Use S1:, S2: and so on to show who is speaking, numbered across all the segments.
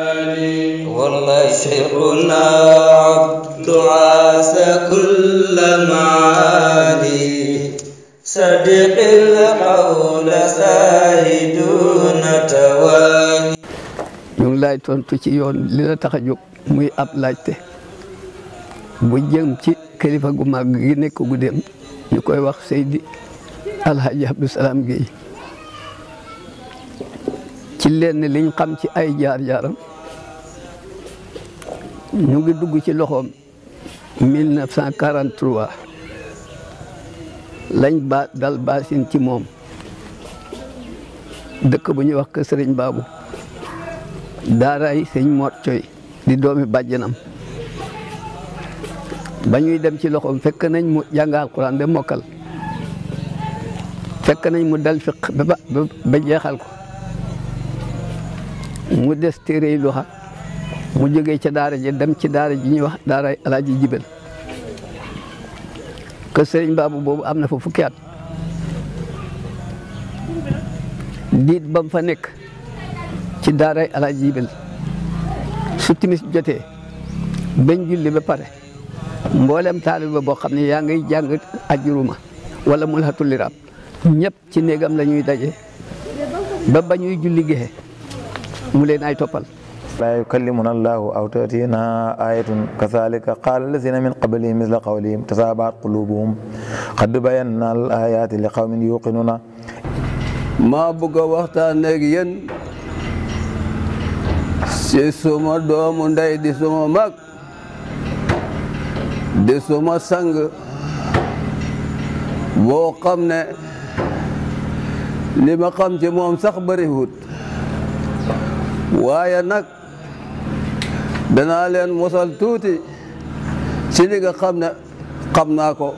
S1: والله شيخنا عبد عاس كل معالي صدق القول
S2: ساهدنا تواني ñu ngi lay tontu ci yoon li la tax muy ab laajte bu jëm ci kilifa gu mag gi nekk gu dem koy wax Seydi Alhaji Abdou Salam Guèye ci lenn liñ xam ci ay jaar-jaaram ñu ngi dugg ci loxoom 1943 lañ ba dal baasin ci moom dëkk bu ñuy wax kër Sëriñ Baabu daaray sëñ Moot Coy di doomi bàjjanam ba ñuy dem ci loxoom fekk nañ mu jàngal Alxuraan ba mokkal fekk nañ mu dal fiq ba ba jeexal ko mu des téere yi luxa mu jógee ca daara ji dem ci daara ji ñuy wax daara alaaji jibel kër sëriñ baabu boobu am na fa fukki at diit bam fa nekk ci daaray alaaji jibel su timis jotee bañ julli ba pare mboolem taaliba boo xam ne yaa ngay jàng ajuruma wala mu laxatul liraab ñëpp
S3: ci néegam la ñuy daje ba bañuy julli gexe mu leen ay toppal laa yukallimuna allahu aw tatina ayatun kazalika qala allazina min qablihim misla qawlihim tasaabaat qulubuhum qad bayanna al ayati li qawmin yuqinuna maa bëgg a waxtaan ak yéen
S1: ci suma doomu ndey di suma mag di suma ma xam ci moom sax bariwut danaa leen mosal tuuti ci li nga xam ne xam naa ko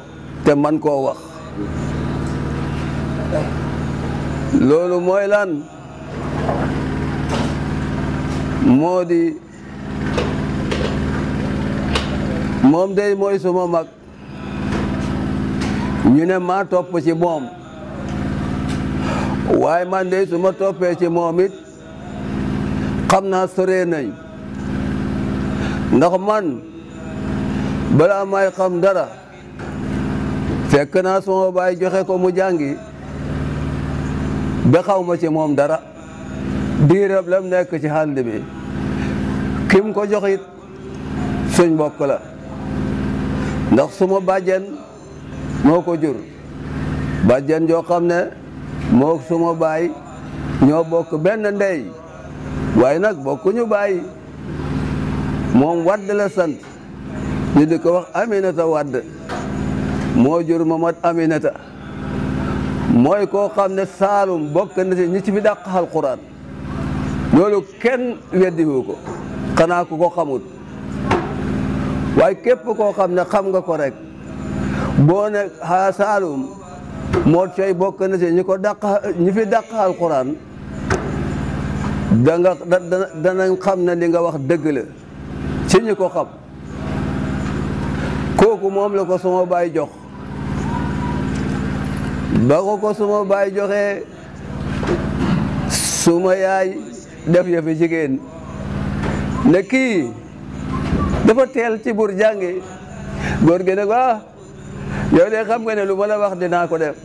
S1: te man koo wax loolu mooy lan moom day mooy suma mag ñu ne maa topp ci moom waaye man day suma toppee ci moom it xam naa soree nañ ndax man balaa may xam dara fekk naa sama baay joxe ko mu jàngi ba xaw ma ci moom dara diirab lam nekk ci àll bi kim ko jox it suñ mbokk la ndax suma bàjjen moo ko jur bàjjen joo xam ne moo suma baay ñoo bokk benn ndey waaye nag bokkuñu baay moom wadd san sant ñu di ko wax aminata wadd moo jur mamad aminata mooy koo xam ne saalum bokk na ci ñi ci fi dàq alquran loolu kenn weddiwu ko kanaa ko ko xamul waay képp koo xam ne xam nga ko rek boo ne xaa saalum moo coy bokk na ci ñi ko dàq ñi fi dàq alquran da nga danañ xam ne di nga wax dëgg la ci ñi ko xam kooku moom la ko sama baay jox ba ko ko sama baay joxee suma yaay def yëfi jigéen ne kii dafa teel ci bur jàngi góor gi ne ko ah de xam nga ne lu ma la wax dinaa ko def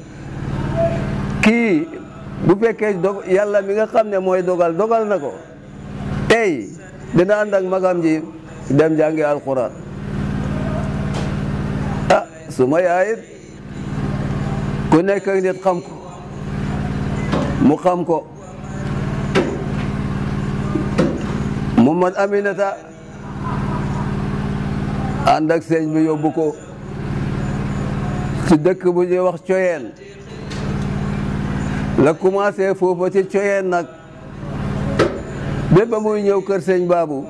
S1: kii bu fekkee dog yàlla mi nga xam ne mooy dogal dogal na ko tey dina ànd ak magam ji dem jàngi alquran ah su ma yaayit ku nekk ak nit xam ko mu xam ko mu man aminata ànd ak sëñ yobbu ko ci dëkk bu ñuy wax coyeen la commencé foofu ci coyeen nag bépp ba muy ñëw kër sëñ baabu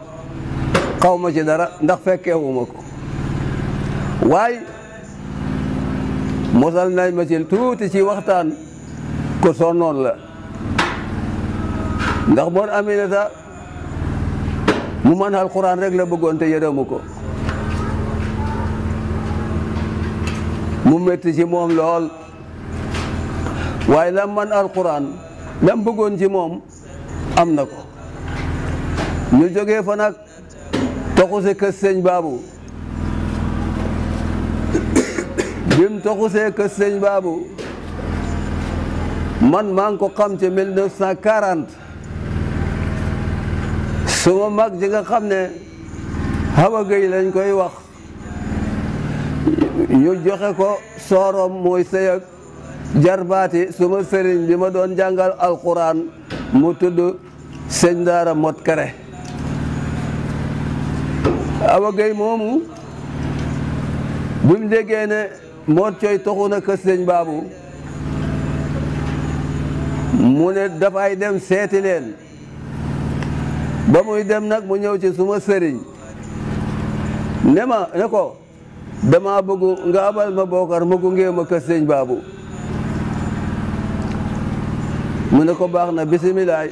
S1: xaw ma ci dara ndax fekkeewuma ko waaye mosal nañ ma ci tuuti ci waxtaan ko noon la ndax moon Aminata mu man alxuraan rek la bëggoon te yërëmu ko mu métti ci moom lool waaye lam man alxuraan lam bëggoon ci moom am na ko ñu jógee fa toxuse kër sëñ baabu bim toxusee kër sëñ baabu man maa ngi ko xam ci 1940 suma mag ji nga xam ne Awa Gueye lañ koy wax ñu joxe ko soorom mooy sëy ak jarbaati suma sëriñ bi ma doon jàngal alquran mu tudd sëñ daara mot kare Awa Gueye moomu buñ déggee ne Mor Coy toxu na kër sëñ Baabu mu ne dafay dem seeti leen ba muy dem nag mu ñëw ci suma sëriñ ne ma ne ko dama bëgg nga abal ma bookar ma gunge ma kër Baabu mu ne ko baax na bisimilaay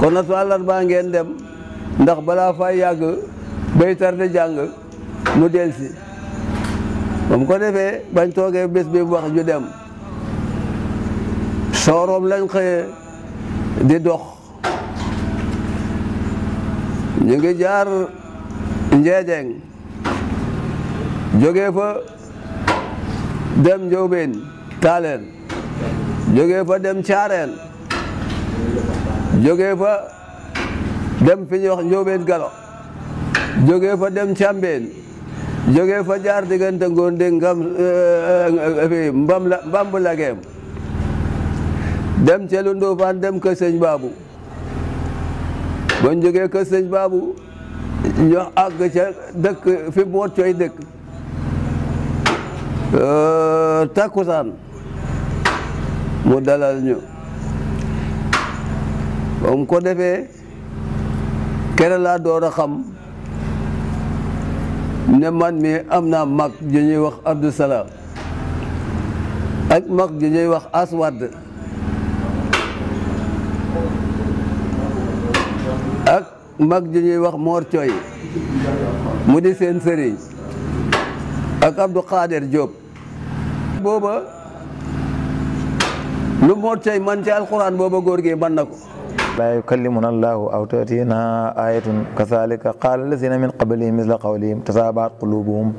S1: kon na su àllarba ngeen dem ndax balaa fay yàgg bay tarde jàng mu delsi ba ko defee bañ toogee bés bi wax ju dem sooroom lañ xëyee di dox ñu ngi jaar njeejeng jógee fa dem njóobeen taaleen jógee fa dem caareen jógee fa dem fi ñuy wax njóobeen galo jógee fa dem càmbeen jógee fa jaar diggante ngoonde ngam eh, eh, eh, mbam lageem dem celu Ndofaan dem kër sëñ Baabu bañ jógee kër Baabu ñu àgg dëkk fi boot cooy dëkk takkusaan mu dalal ñu om ko defee kere laa door xam ne man mii am naa mag ju ñuy wax Abdou Salaam ak mag ju ñuy wax Aswad ak mag ju ñuy wax Mor mu di seen sëriñ ak Abdou Khader Diop booba lu Mor Coy man ci alxuraan booba góor gi man na ko
S3: لا يكلمنا الله أو تأتينا آية كذلك قال الذين من قبلهم مثل قولهم تتابعت قلوبهم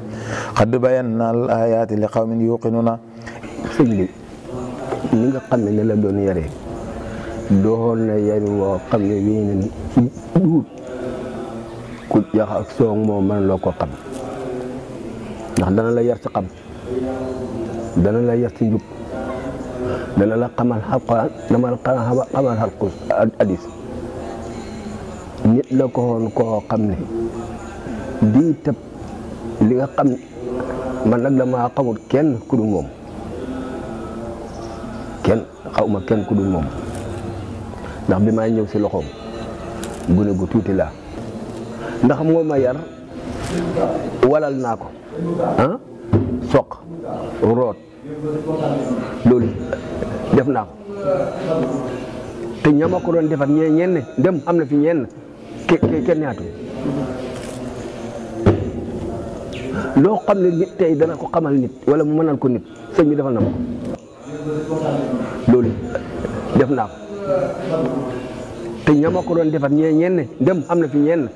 S3: قد بينا الآيات لقوم يوقنون سجلي نيغا خامي لا دون يري doon na yari woo xam ne yeneen duut
S4: ku jax ak soong moom لا loo ko xam ndax dana la xamal alquran dama la xamal hadis nit la ko woon koo xam ne bii tëb li nga xam man nag damaa xamul kenn ku dul moom kenn xawma kenn ku dul moom ndax bi may ñëw si loxoom gune gu tuuti laa ndax moo ma yar walal naa ko ah soq root loolu def naa ko te ko defar ñee ñenn dem am na fi ñenn kenn ñaatu loo xam ne nit tey dana ko xamal nit wala mu mënal ko nit sëñ bi defal na ma ko def naa ko te ñama ko defar ñee ñenn dem am na fi ñenn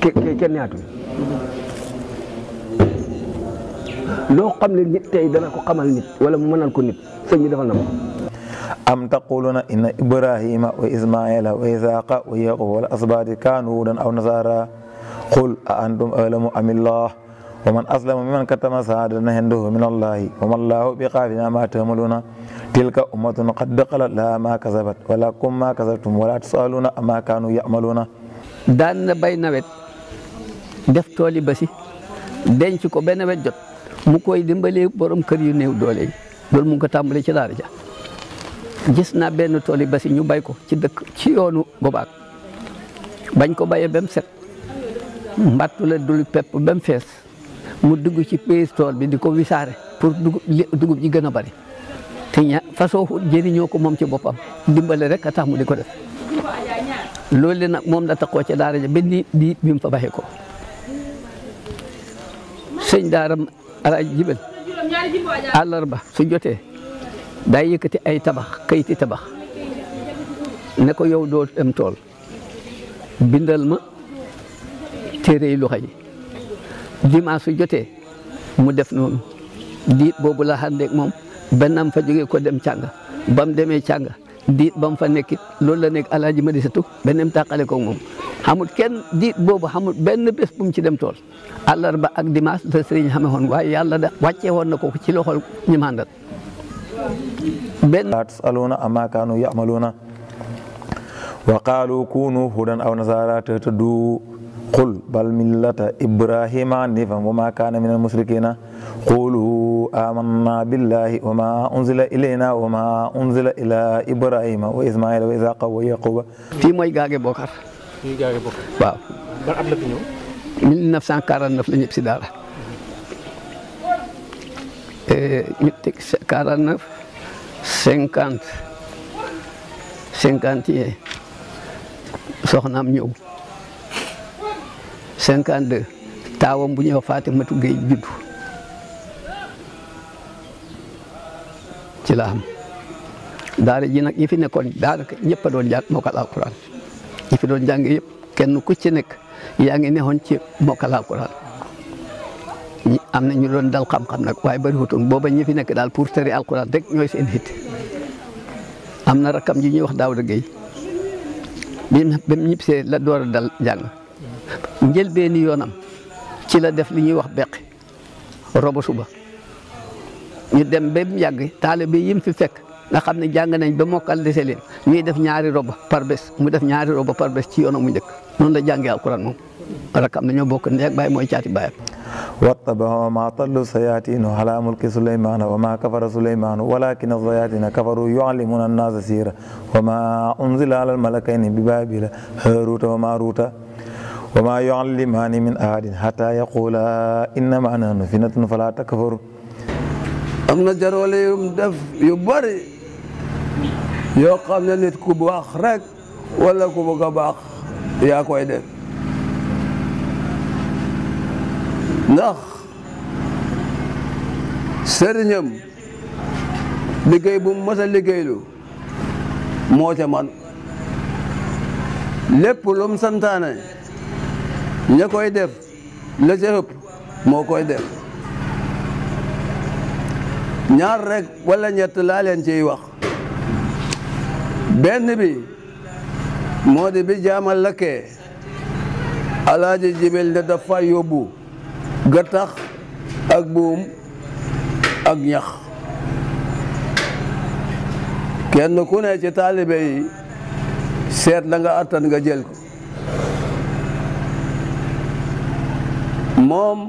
S4: kenn ñaatu
S3: loo xam nit wala mu mënal ko nit sëñ bi defal na ma am taquluna inna ibrahima wa ismaila wa isaqa wa yaquba wal asbati kanu hudan aw nasara qul a antum alamu amillah wa man aslama mimman katama saadatan indahu min allahi wa ma allahu bi qaafina ma tamaluna tilka ummatun qad daqalat laha ma kasabat wa lakum ma kasabtum wala tusaluna amma kanu yamaluna daan na nawet def tooli basi denc ko benn jot
S2: mu koy dimbalee borom kër yu néew doole yi loolu mu ngi ko tàmbalee ci daara ja gis naa benn tool yi basi ñu bay ko ci dëkk ci yoonu Gobaak bañ ko bayee ba mu set mbattu la dul pepp ba fees mu dugg ci pays tool bi di ko wisaare pour dugub dugub ji gën a bari te ña façon jëriñoo ko moom ci boppam dimbali rek a tax mu di ko def loolu nag moom la taxoo ci daara ja ba nii bi mu fa baxee ko sëñ daara alaaj jibal àllarba su jotee day yëkkati ay tabax kayiti tabax ne ko yow doo dem tool bindal ma téere yi luxa yi dimanche jotee mu def noonu diit boobu la xandeeg moom bennam fa jógee ko dem cànga ba mu demee cànga diit ba mu fa nekkit loolu la nekk alaaji ma disatu beneen tàqale ko moom xamul kenn diit boobu xamul benn bés ci dem tool àllarba ak dimanche la sëriñ xame woon waaye yàlla
S3: da wàcce woon na ko ci loxol ñi màndal benn laa tusaluuna ammaa kaanu ya'maluuna wa qaalu kuunu hudan aw nasaara tahtaduu qul bal millata ibrahima hanifan wa ma kaana min almusrikina qulu amanna billahi wa ma unzila ilayna wa ma unzila ila ibrahima wa ismaila wa isaqa wa yaquba fii mooy gaage bokar
S4: waaw. ban at la fi ñëw.
S3: 1949 la ñëpp si daara.
S2: Eh, ñu teg 49 50 51 soxnaam ñëw 52 taawam bu ñëw Fatimatu Géey juddu ci daara ji nag ñi fi nekkoon daara ñëpp a doon jaar mokkal ñi fi doon jàng yëpp kenn ku ci nekk yaa ngi neexoon ci mokkal alquran ñi am na ñu doon dal xam-xam nag waay bari wutoon booba ñi fi nekk daal pour tari alquran ñooy seen hit am na rakam ji ñuy wax Daawda Gueye bi ba mu la door a dal jàng njëlbeeni yoonam ci la def li ñuy wax beqi robo suba ñu dem ba mu yàgg taalibe yi nga xam ne jàng nañ ba mokkal dese leen ñuy def ñaari roba par bés mu def ñaari roba par bés ci yoonam mu njëkk noonu la jàngee
S3: alquran moom rakam nañoo bokk ndey ak baay mooy caati baayam wattabahu ma tallu sayatinu ala mulki sulaymana wa ma kafara sulaymanu walakina sayatina kafaru yuallimuna annasa sira wa ma unzila ala almalakayni bi babila haruta wa maruta wa ma yuallimani min ahadin hatta yaqula innama nahnu fitnatun fala takfur
S1: am na jaroole yoo xam ne nit ku baax rek walla ku bëgg a baax yaa koy def ndax sëriñam liggéey bu mu mës a moo ca man lépp lu santaane ña koy def la ca moo koy def ñaar rek walla ñet laa leen ciy wax benn bi moo di bi jaamal lakkee alaaji jibel ne dafa yóbbu gattax ak buum ak ñax kenn ku ne ci taalibe seet la nga attan nga jël ko moom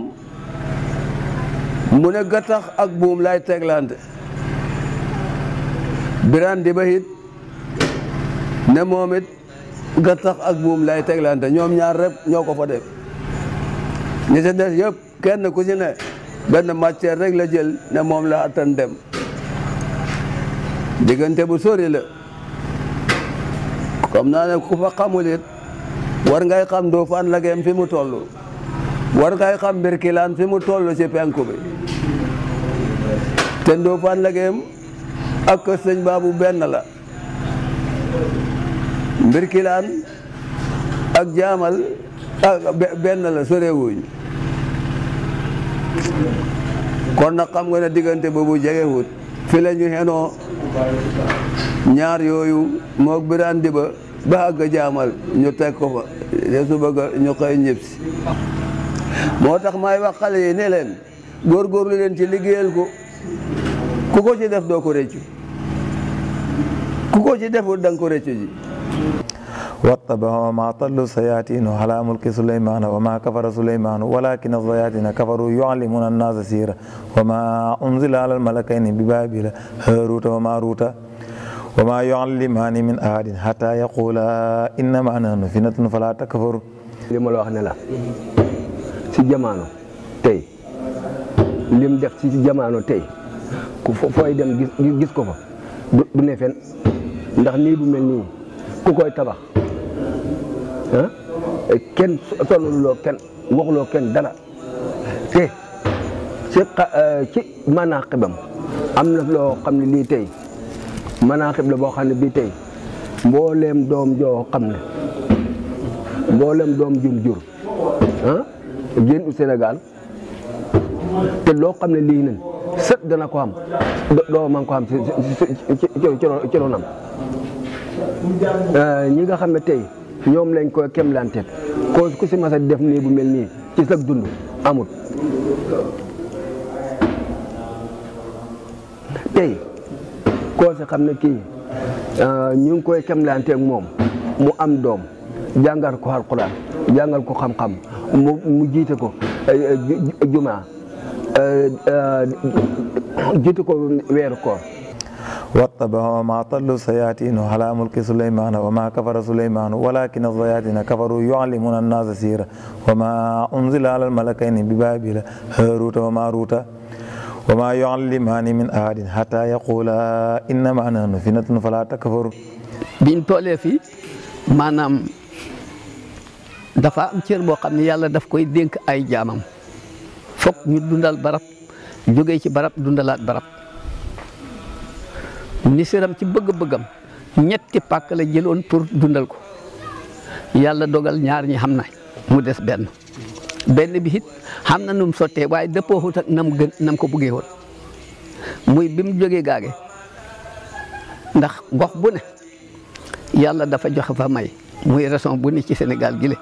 S1: mu ne gattax ak buum lay teglante biran di ba it ne moom it gattax ak buum lay teglante ñoom ñaar rek ñoo ko fa def ñi ci des yëpp kenn ku ci ne benn matière rek la jël ne moom la attan dem diggante bu sori la comme naa ne ku fa xamul it war ngay xam Ndofane la gem fi mu toll war ngay xam Birkilaan fi mu toll ci penku bi te Ndofane la gem ak Sëñ Baabu benn la mbirkilaan ak jaamal benn la sorewuñ kon nag xam nga ne diggante boobu jegewut fi la ñu xenoo ñaar yooyu moog biraan di ba ba àgg jaamal ñu teg ko fa te su bëgg ñu xëy ñëpp moo tax maay wax xale yi ne leen góorgóorlu leen ci liggéeyal ko ku ko ci def doo ko rëccu ku ko ci deful da ko rëccu ji
S3: واتبعوا ما طلوا سياتين على ملك سليمان وما كفر سليمان ولكن الضياتين كفروا يعلمون الناس سيرا وما أنزل على الملكين ببابل هاروت وماروت وما يعلمان من أحد حتى يقولا إنما نحن فتنة فلا تكفر لما لو أخنا لا في جمانو تي لم
S4: دف في جمانو تي كفو فايدم جس كفو بنفن ndax ni du melni ku koy tabax ah kenn sonaluloo kenn waxuloo kenn dara te ci ci manaaxibam am na loo xam ne lii tey manaaxib la boo xam ne bii tey mbooleem doom joo xam ne mbooleem doom jum jur ah génn Sénégal te loo xam ne lii nan sët dana ko am doo man ko am ci ci ci ci ci ronam Euh, ñi nga xam ne tey ñoom lañ koy kemlante ko ku si masa def nii bu mel nii ci sag dund amut tey ko si xam ne kii euh, ñu ngi koy kemlanteeg moom mu am doom jàngal ko alquran jàngal ko xam-xam mu jiite ko juma euh, jiite ko weeru koor
S3: واتبعوا ما طلوا سياتين على ملك سليمان وما كفر سليمان ولكن الضياتين كفروا يعلمون الناس سيرا وما أنزل على الملكين ببابل هاروت وماروت وما يعلمان من أحد حتى يقولا إنما نحن فينة فلا تكفر بين tollee في ما dafa
S2: دفع أمتير boo يالا دفع كوي دينك أي جامم فوق jaamam fokk ñu dundal barab jóge ci nisiram ci bëgg-bëggam ñetti pàkk la jëloon pour dundal ko yàlla dogal ñaar ñi xam na mu des benn benn bi it xam na nu mu waaye dëppoowut ak nam gën ko buggee woon muy bi mu jógee gaage ndax gox bu ne yàlla dafa joxe fa may muy raison bu ci senegal gi le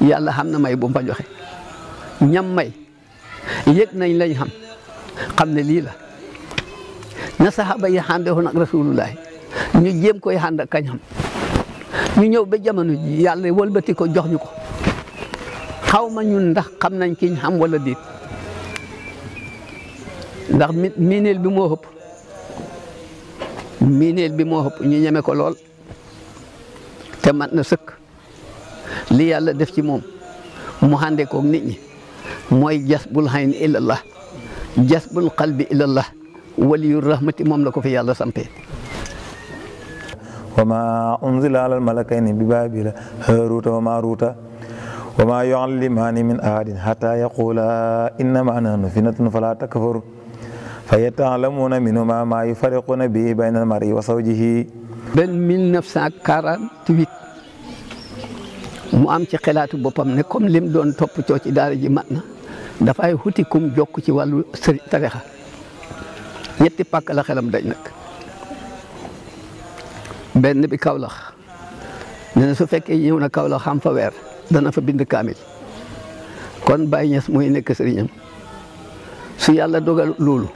S2: yàlla xam na may bu fa joxe ñam may yëg nañ lañ xam xam ne lii la na saxaaba yi xàndee woon ak rasulullahi ñu jéem koy xànd ak kañam ñu ñëw ba jamono ji yàlla wëlbati ko jox ñu ko xaw ma ñu ndax xam nañ kiñ xam wala déet ndax miineel bi moo ëpp miineel bi moo ëpp ñu ñeme ko lool te mat na sëk li yàlla def ci moom mu xàndee koog nit ñi mooy jasbul xayn ilallah
S3: jasbul qalbi ilallah ولي الرحمة إمام لكو في الله سمحه وما أنزل على الملكين ببابل هاروت وماروت وما يعلمان من أحد حتى يقولا إنما نحن فينة فلا تكفر فيتعلمون منهما ما يفرقون به بين المرء وزوجه بل من نفس أكارا تويت mu am ci xelaatu
S2: boppam ne comme lim doon topp coo ci daara ji mat na dafay xuti kum jokk ci wàllu sëri tariha ñetti pàkk la xelam daj nag benn bi kawlax nee na su fekkee ñëw na Kaolack xam fa weer dana fa bind kaamil kon Baye Niass muy nekk sëriñam su yàlla dogal loolu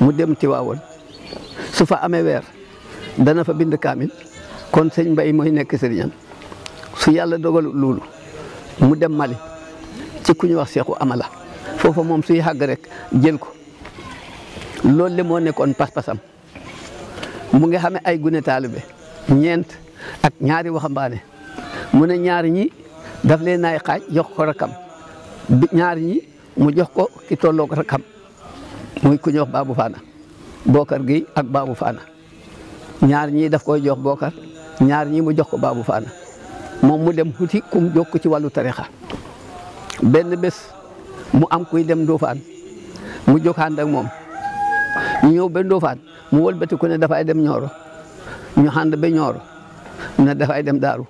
S2: mu dem Tiwaawoon su fa amee weer dana fa bind kaamil kon sëñ Mbaye mooy nekk sëriñam su yàlla dogal loolu mu dem Mali ci ku ñu wax Seexu Amala foofa moom suy xàgg rek jël ko. loolu le moo nekkoon pas-pasam mu ngi xamee ay gune taalibe ñeent ak ñaari waxambaane mu ne ñaar ñi daf leen ay xaaj jox ko rakam bi ñaar ñi mu jox ko ki tolloog rakam muy ku ñox baabu faana bookar gi ak baabu faana ñaar ñi daf koy jox bookar ñaar ñi mu jox ko baabu faana moom mu dem xuti kum jokk ci wàllu tarixa benn bés mu am kuy dem Ndofane mu jokkaand ak moom ñu ñëw ba Ndofaan mu wëlbati ku ne dafay dem Nioro ñu ànd ba Nioro ne dafay dem Daaru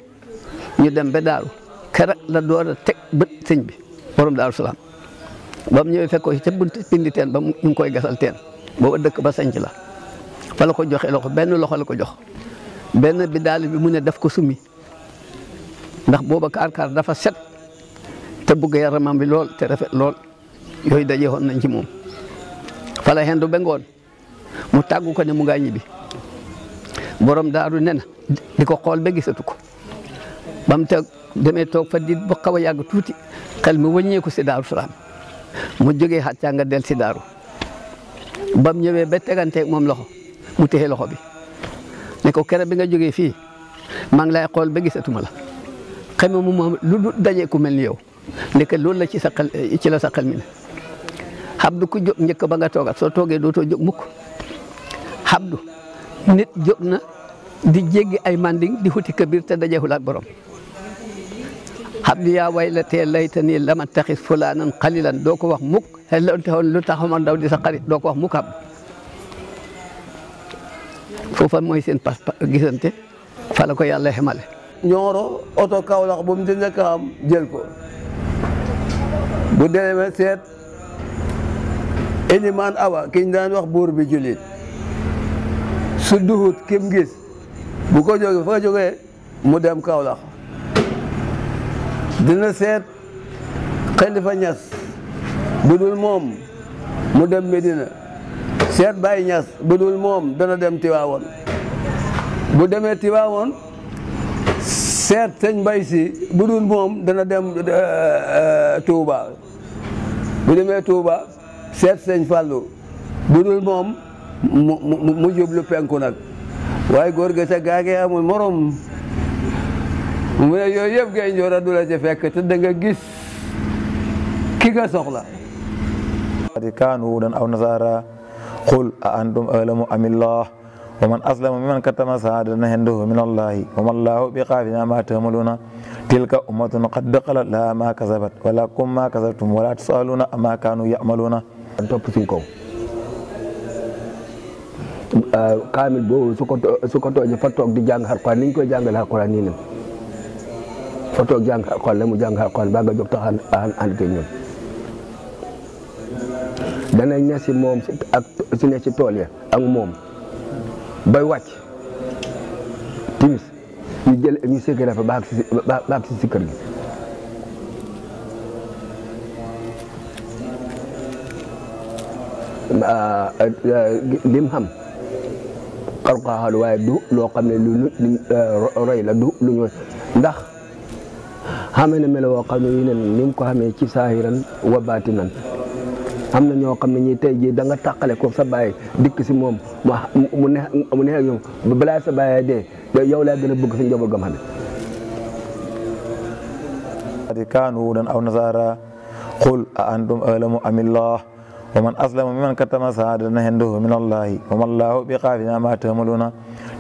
S2: ñu dem ba Daaru keroog la door a teg bët sëñ bi borom Daaru Salaam ba mu ñëwee fekk ko ca bunt pindi teen ba mu ngi koy gasal teen booba dëkk ba sanc la fa ko joxe loxo benn loxo la ko jox benn bi daal bi mu ne daf ko summi ndax booba kaar-kaar dafa set te bugg yaramam bi lool te rafet lool yooyu daje woon nañ ci moom fa la xendu ngoon mu tàggu ko ne mu ngaa ñibbi borom daaru ne di ko xool ba gisatu ko ba mu teg demee toog fa di ba xaw a yàgg tuuti xel mi wëññeeku si daaru salaam mu jógee xàccaa nga del si daaru ba mu ñëwee ba teganteeg moom loxo mu téye loxo bi ne ko kere bi nga jógee fii maa ngi lay xool ba gisatuma la xeme mu moom lu du dajee ku mel ni yow ndeke loolu la ci sa ci la sa xel mi ne xam du ku jóg njëkk ba nga toogat soo toogee dootoo jóg mukk xabdu nit jóg di jéggi ay manding di xuti kabir te dajewul ak borom xabdu yaa waylatee laytanii lam attaxis fulaanan xalilan doo ko wax mukk xelonte woon lu taxama ndaw di sa doo ko wax mukk xabdu foofa mooy seen pas gisante fa ko yàlla xemale
S1: ñooro oto Kaolack bu di njëkk a jël ko bu demee seet Eliman Awa kiñ daan wax buur bi su duhut kim gis bu ko jógee fa jógee mu dem Kaolack dina seet Xalifa Ñas bu dul moom mu dem Medina seet Baay Ñas bu dul moom dana dem Tiwaawoon bu demee Tiwaawoon seet sëñ Bay Si bu dul moom dana dem euh, euh, Touba bu demee Touba seet sëñ Fàllu bu dul moom mu mu mu jublu penku nag waaye góor ga ca gaagee amul morom mu ne yooyu yëpp ngay njoor a du la ca fekk gis ki nga soxla
S3: kaanu hudan aw nasara qul a antum a'lamu amillah wa man aslama mimman katama saadatan indahu min allahi wa ma llahu bi gaafilin amma ta'maluna tilka ummatun qad dakhalat laha ma kasabat wa lakum ma kasabtum wa la tusaluna amma kanu ya'maluna topp suñ kaw
S4: Euh, kaamil boobu su tooje fa di jàng Alxuraan ni ñu koy jàngalee Alxuraan nii ne fa toog jàng Alxuraan la mu jàng Alxuraan ba nga jóg tax ànd te ñun danañ ne si moom ak ne si tool ya ak moom bay wàcc timis ñu jël ñu sëkk dafa baax si baax si kër gi euh, euh, lim xam xalqaxal waaye du loo xam ne lu lu euh, roy la du lu ñooy ndax xamee na melo woo xam ne yi nen ni mu ko xamee ci saahiran wa baatinan am na ñoo xam ne ñi tey jii da nga tàqale ko sa bàyyi dikk si moom mu ne mu ne ak ñoom balaa sa bàyyi
S3: dee yow laa gën a bëgg si njaboot gam xam ne kaanu hudan aw nasaara qul a antum a'lamu amillah ومن أظلم ممن كتم سعادة عنده من الله وما الله بقافنا ما تعملون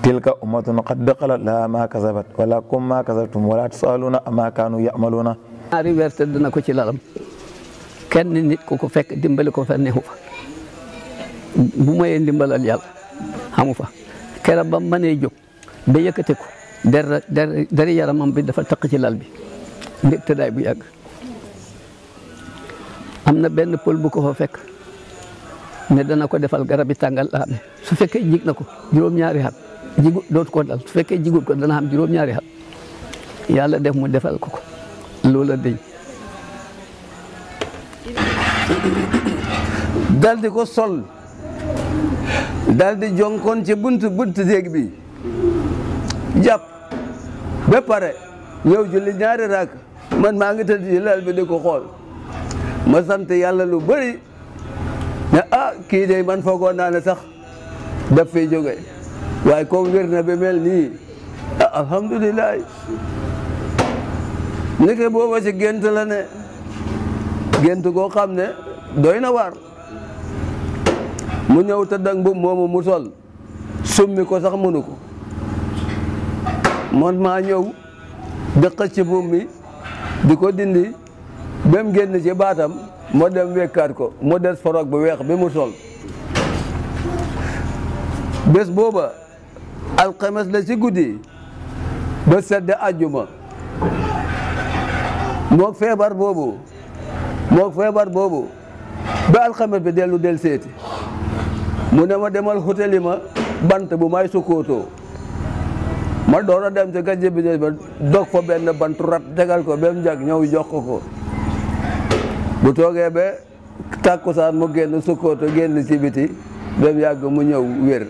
S3: تلك أمة قد دخلت لها ما كذبت ولكم ما كذبتم ولا تسألون أما كانوا يعملون أريد أن أرسل لنا كل العالم كان نيت كوكو فك ديمبل كو فني هو
S2: بوما ين ديمبل اليال همو فا كرب من يجوك بيكتكو در در در يا رمام بيد فتق كل العالم نبتدأ بياك أمنا بين بول بكو فك ne dana ko defal garabi tàngal laame su fekkee jig na ko juróom-ñaari xat jigu dootu ko dal su fekkee jigul ko dana am juróom-ñaari xat yàlla def mu defal ko ko loola day dal di
S1: ko sol dal di jonkoon ci bunt bunt déeg bi jàpp ba pare ñëw julli ñaari raak man maa ngi tëdd ci lal ko xool ma sant yàlla lu ne ah kii de man foogoon naane ne sax daf fiy jóge waaye comme wér na ba mel nii ah alhamdulilah ndeke booba ci gént la ne gént goo xam ne doy na waar mu ñëw ta ak mbubb moomu mu sol summi ko sax mënu ko man maa ñëw dëq ci mbubb mi di ko dindi ba mu génn ci baatam ma dem wekkaat ko mu des forog bu weex bi mu sol bés booba alxemes la ci guddi ba sedd ajjuma moog feebar boobu moog feebar boobu ba alxames bi dellu del seet mu ne ma demal hôtel ma bant bu may sukkootoo ma door a dem ci gàncax bi ba dog fa benn bantu rat tegal ko ba mu jag ñëw jox ko bu toogee ba tàkkusaan mu génn sukkooto
S3: génn ci biti
S1: dem yàgg mu ñëw wér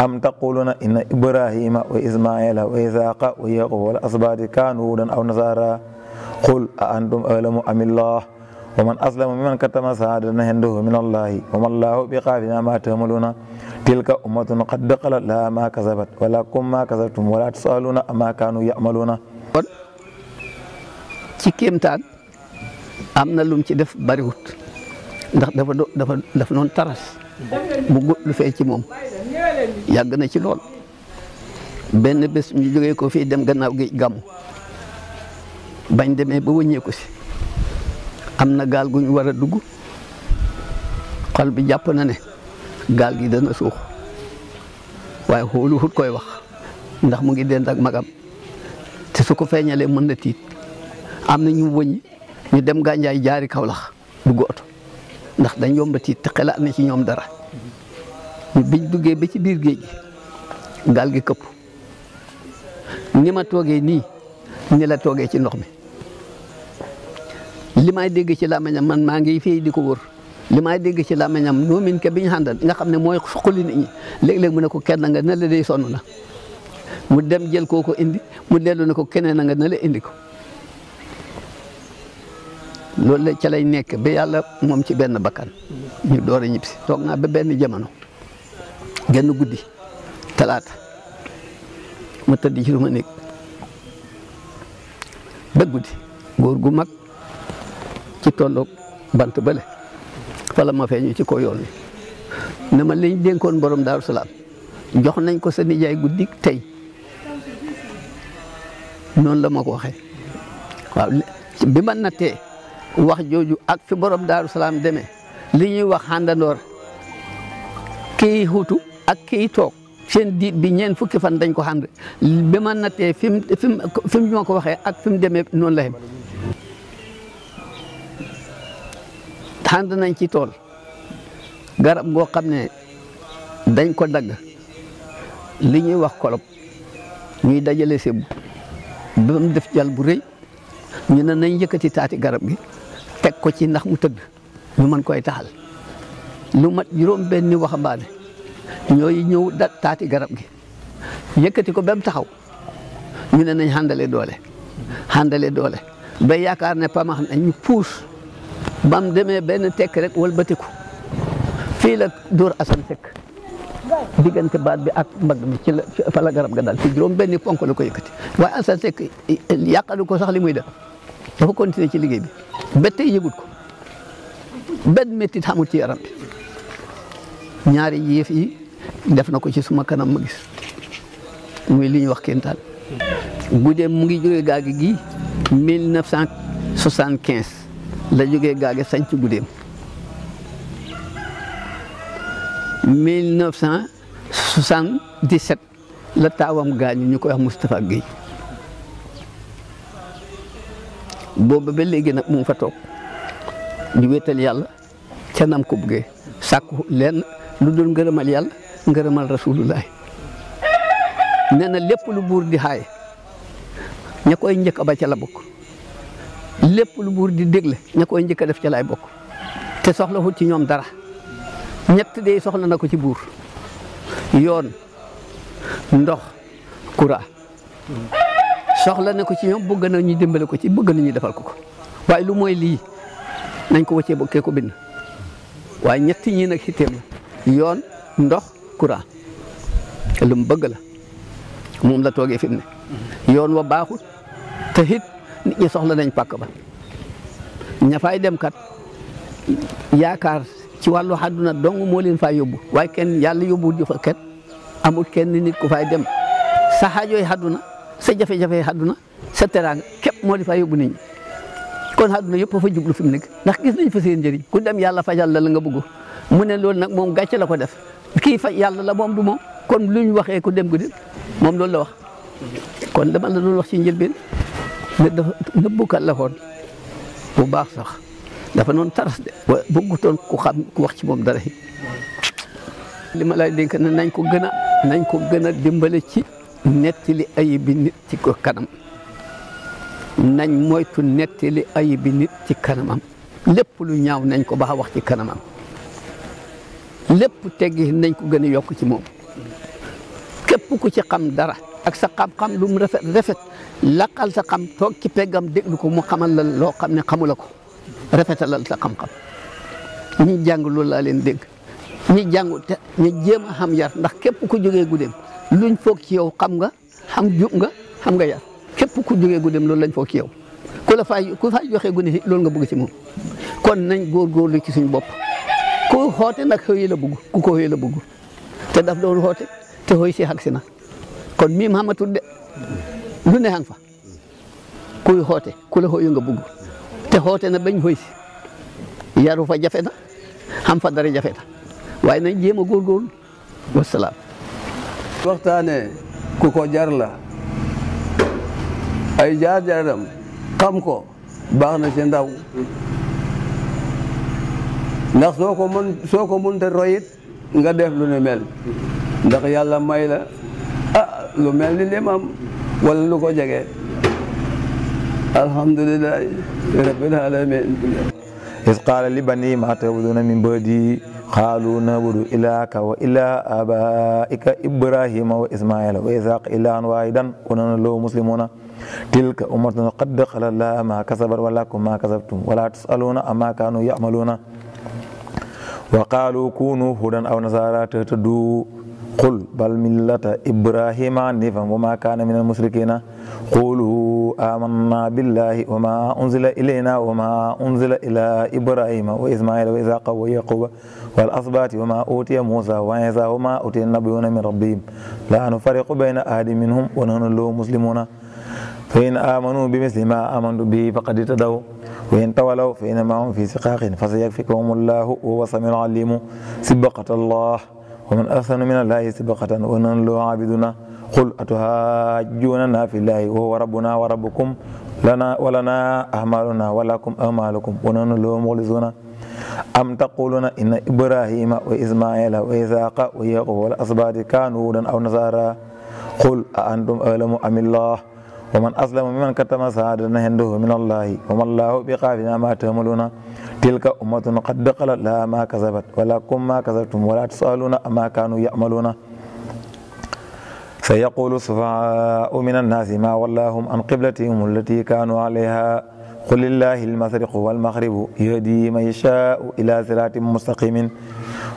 S3: am taquluna inna ibrahima wa ismaila wa isaqa wa yaquba wal asbati kanu hudan aw nasara qul a antum alamu amillah wa man aslama mimman katama saadatan indahu min allahi wa ma allahu bi ghafilin ma ta'maluna tilka ummatun qad khalat laha ma kasabat wa lakum ma kasabtum wa la tusaluna amma kanu ya'maluna ci kéemtaan am na lum ci def bariwut ndax dafa dafa
S2: dafa noon taras bu gut lu ci moom yàgg na ci lool benn bés ñu jógee ko fii dem gannaaw géej gàmmu bañ demee ba wëññeeku si am na gaal gu ñu war a dugg xol bi jàpp na ne gaal gi dana suux waaye xoolu xut koy wax ndax mu ngi dend ak magam te su ko feeñalee mën na tiit am na ñu wëññi ñu dem gànjaay jaari Kaolack dugg oto ndax dañ yombati te la na ci ñoom dara biñ duggee ba ci biir géej gi gaal gi këpp ni ma toogee nii ni la toogee ci ndox mi li may dégg ci làmmiñam man maa ngi fii di ko wër li may dégg ci làmmiñam noomin ke bi ñu xàndal nga xam ne mooy suqali nit ñi léeg mu ne ko kenn nga ne la day sonn na mu dem jël koo ko indi mu dellu ne ko keneen na nga ne indi ko loolu la ca lay nekk ba yàlla moom ci benn bakkan ñu door a ñibbisi toog naa ba benn jamono genn guddi talaata ma tëdd ci ma nekk ba guddi góor gu mag ci tolloog bant bële fa la ma feeñu ci ko yoon wi ne ma liñ dénkoon borom Daaru Salaam jox nañ ko sa nijaay guddi tey noonu la ma ko waxee waaw bi ma wax jooju ak fi borom daaru salaam demee li ñuy wax xàndandoor kii xutu ak kii toog seen diit bi ñeen fukki fan dañ ko xànd bi ma nattee fi mu fi mu ko waxee ak fi mu demee noonu la xem xànd nañ ci tool garab goo xam ne dañ ko dagg li ñuy wax kolob ñuy dajale sebu ba def jal bu rëy ñu ne nañ yëkkati taati garab gi ko ci ndax mu tëdd ñu mën koy taxal lu mat juróom benni waxambaane ñooy ñëw da taati garab gi yëkkati ko ba taxaw ñu ne nañ xàndale doole xàndale doole ba yaakaar ne pamax na ñu puus bam demee benn tekk rek walbatiku fii la dóor asan sekk diggante baat bi ak mbagg mi ci la pala garab ga daal ci juróom benni ponk la ko yëkkati waaye asan sekk yàqalu ko sax li muy def dafa continuer ci liggéey bi ba tey yëgut ko benn méttit xamul ci yaram bi ñaari yëf yi def na ko ci suma kanam ma gis muy li ñuy wax kéntaan guddee mu ngi jógee gaagi gi 1975 la jógee gaagi sanc guddeem 1977 la taawam gaañu ñu koy wax Moustapha gi boobu ba léegi nag mu fa toog di wéetal yàlla ca nam ko bëggee sàkku lenn lu dul ngërëmal yàlla ngërëmal rasulullahi nee na lépp lu buur di xaay ña koy njëkk ba ca bokk lépp lu buur di dégle ña koy njëkk def ca laay bokk te soxlawul ci ñoom dara ñett de soxla na ko ci buur yoon ndox kura soxla ne ko ci ñoom bëgg na ñu dimbale ko ci bëgg na ñu defal ko ko waaye lu mooy lii nañ ko wëccee bokkee ko bind waaye ñetti ñi na xitteem la yoon ndox courant lu mu bëgg la moom la toogee fi mu ne yoon wa baaxul te it soxla nañ pàkk ba ña fay dem kat yaakaar ci wàllu àdduna dong moo leen faa yóbbu waaye kenn yàlla yóbbuwul ñu kenn amul kenn nit ku fay dem saxaajooy àdduna sa jafe-jafe àdduna sa teraanga képp moo di fa yóbbu nit ñi kon àdduna yëpp fa jublu fi mu nekk ndax gis nañ fa seen njëriñ ku dem yàlla fajal la la nga bëgg mu ne loolu nag moom gàcce la ko def kii faj yàlla la moom du moom kon lu ñu waxee ku dem ko def moom loolu la wax. kon dama la doon wax ci njëlbeen ne dafa nëbbukat la woon bu baax sax dafa noon taras de wa ku xam ku wax ci moom dara li ma lay dénk ne nañ ko gën a nañ ko gën a dimbale ci. nettali ayibi nit ci ko kanam nañ moytu nettali ayibi nit ci kanamam lépp lu ñaaw nañ ko ba wax ci kanamam lépp teggi nañ ko gën a yokk ci moom képp ku ci xam dara ak sa xam-xam lu mu rafet rafet laqal sa xam toog ci peggam déglu ko mu xamal la loo xam ne xamula ko lal sa xam-xam ñi jàng loolu laa leen dégg ñi jàngu te ñi jéem a xam yar ndax képp ku jógee guddeem luñ foog ci yow xam nga xam jub nga xam nga yar képp ku jógee guddeem loolu lañ foog ci yow ku la fay ku fay joxe guddi loolu nga bëgg ci moom kon nañ góorgóorlu ci suñ bopp ku xoote nag xëy la bëgg ku ko xëy la bëgg te daf doon xoote te xëy si xag si na kon miim xamatul de lu ne xang fa kuy xoote ku la xëy nga bëgg te xoote na bañ xëy si yaru fa jafe na xam fa dara jafe na waaye nañ jéem a góorgóorlu wasalaam waxtaane
S1: ku ko jar la ay jaar-jaaram xam ko baax na ci ndaw ndax soo ko mën soo ko mënta royit nga def lu ne mel ndax yàlla may la ah, lu mel ni limam wala lu ko jege alhamdulilahi
S3: rabbil alamin is qaala li bani ma ta'buduna min ba'di قالوا نعبد إلهك وإلى آبائك إبراهيم وإسماعيل وإسحاق إلها واحدا ونحن له مسلمون تلك أمة قد دخل الله ما كسبر ولكم ما كسبتم ولا تسألون أما كانوا يعملون وقالوا كونوا هدى أو نصارى تهتدوا قل بل ملة إبراهيم حنيفا وما كان من المشركين قولوا آمنا بالله وما أنزل إلينا وما أنزل إلى إبراهيم وإسماعيل وإسحاق ويعقوب والأسباط وما أوتي موسى وعيسى وما أوتي النبيون من ربهم لا نفرق بين أحد منهم ونحن له مسلمون فإن آمنوا بمثل ما آمنوا به فقد اهتدوا وإن تولوا فإنما هم في سقاق فسيكفيكهم الله وهو السميع العليم سبقة الله ومن أحسن من الله سبقة ونحن له عابدون قل أتهاجوننا في الله وهو ربنا وربكم لنا ولنا أعمالنا ولكم أعمالكم ونحن له مخلصون أم تقولون إن إبراهيم وإسماعيل وإسحاق ويعقوب والأسباط كانوا هودا أو نصارى قل أأنتم أعلم أم الله ومن أسلم ممن كتم سعادة عنده من الله وما الله بغافل ما تعملون تلك أمة قد دخلت لها ما كسبت ولكم ما كسبتم ولا تسألون أما كانوا يعملون سيقول السفهاء من الناس ما ولاهم عن قبلتهم التي كانوا عليها قل لله المشرق والمغرب يهدي من يشاء إلى صراط مستقيم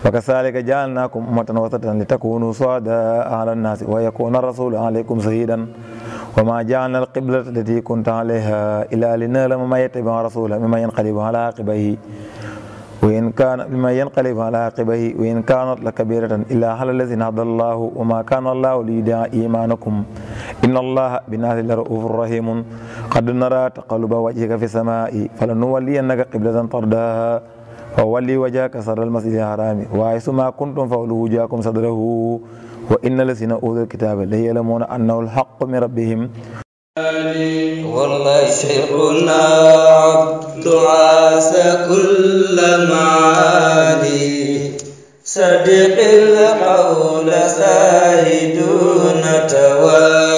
S3: وكذلك جعلناكم أمة وسطا لتكونوا صعداء على الناس ويكون الرسول عليكم شهيدا وما جعلنا القبلة التي كنت عليها إلا لنعلم ما يتبع رسولا مما ينقلب على عقبيه كان بما ينقلب على عقبه وإن كانت لكبيرة إلا على الذين هدى الله وما كان الله ليدع إيمانكم إن الله بالناس لرؤوف رحيم قد نرى تقلب وجهك في السماء فلنولينك قبلة ترضاها فولي وجهك سر المسجد الحرام وحيث ما كنتم فولوا وجهكم صدره وإن الذين أوذوا الكتاب ليعلمون أنه الحق من ربهم
S1: والله شيخنا عبد عاس كل معادي صدق القول ساهدون
S4: توالي